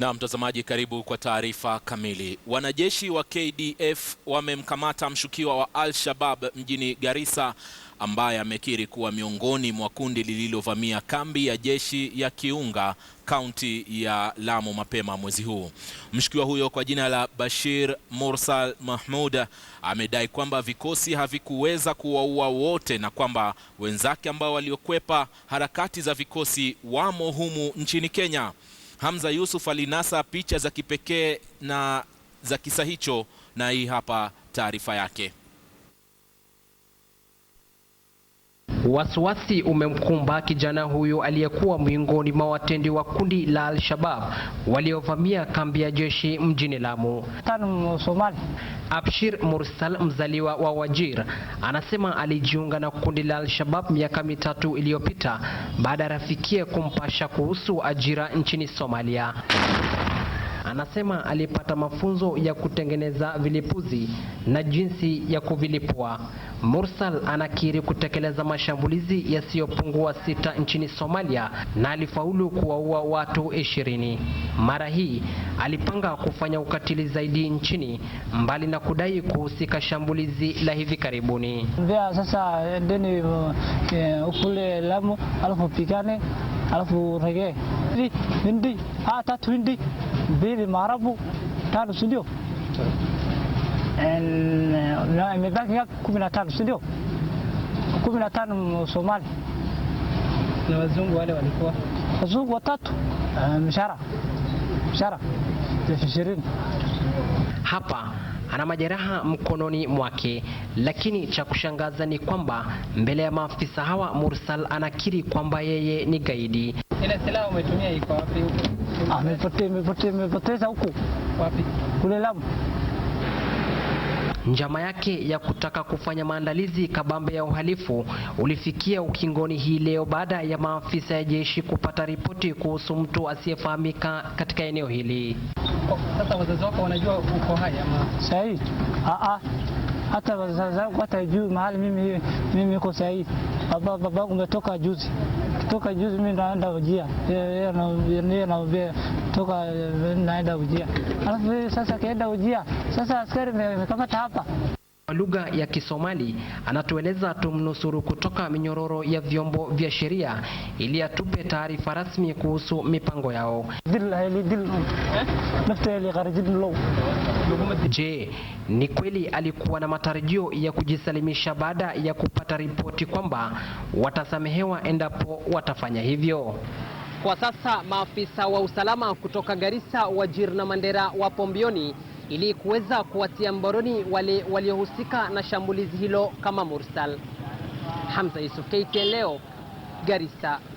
Na mtazamaji, karibu kwa taarifa kamili. Wanajeshi wa KDF wamemkamata mshukiwa wa Al-Shabab mjini Garissa ambaye amekiri kuwa miongoni mwa kundi lililovamia kambi ya jeshi ya Kiunga kaunti ya Lamu mapema mwezi huu. Mshukiwa huyo kwa jina la Bashir Mursal Mahmud amedai kwamba vikosi havikuweza kuwaua wote na kwamba wenzake ambao waliokwepa harakati za vikosi wamo humu nchini Kenya. Hamza Yusuf alinasa picha za kipekee na za kisa hicho, na hii hapa taarifa yake. Wasiwasi umemkumba kijana huyu aliyekuwa miongoni mwa watendi wa kundi la Al-Shabab waliovamia kambi ya jeshi mjini Lamu. Abshir Mursal, mzaliwa wa Wajir, anasema alijiunga na kundi la Al-Shabab miaka mitatu iliyopita baada ya rafikie kumpasha kuhusu ajira nchini Somalia. Anasema alipata mafunzo ya kutengeneza vilipuzi na jinsi ya kuvilipua. Mursal anakiri kutekeleza mashambulizi yasiyopungua sita nchini Somalia na alifaulu kuwaua watu ishirini. Mara hii alipanga kufanya ukatili zaidi nchini, mbali na kudai kuhusika shambulizi la hivi karibuni imebaki miaka kumi na tano, si ndio? kumi na tano Somali na wazungu wale walikuwa wazungu watatu, mshara ah, mshara elfu ishirini hapa ana majeraha mkononi mwake, lakini cha kushangaza ni kwamba mbele ya maafisa hawa Mursal anakiri kwamba yeye ni gaidi. Ile silaha umetumia iko wapi? Huko amepoteza, ah, huko. Wapi? Kule Lamu. Njama yake ya kutaka kufanya maandalizi kabambe ya uhalifu ulifikia ukingoni hii leo baada ya maafisa ya jeshi kupata ripoti kuhusu mtu asiyefahamika katika eneo hili. Sasa wazazi wako wanajua uko hai ama sahihi? Ah ah, hata wazazi wangu hata juu mahali mimi mimi niko sahihi. Baba babangu umetoka juzi, kutoka juzi mimi naenda ujia yeye anaambia toka eh, naenda ujia, alafu sasa kaenda ujia, sasa askari mekamata hapa lugha ya Kisomali anatueleza tumnusuru kutoka minyororo ya vyombo vya sheria ili atupe taarifa rasmi kuhusu mipango yao. Je, ni kweli alikuwa na matarajio ya kujisalimisha baada ya kupata ripoti kwamba watasamehewa endapo watafanya hivyo? Kwa sasa maafisa wa usalama kutoka Garissa, Wajir na Mandera wapo mbioni ili kuweza kuwatia mbaroni wale waliohusika na shambulizi hilo kama Mursal. Hamza Yusuf, KTN leo, Garissa.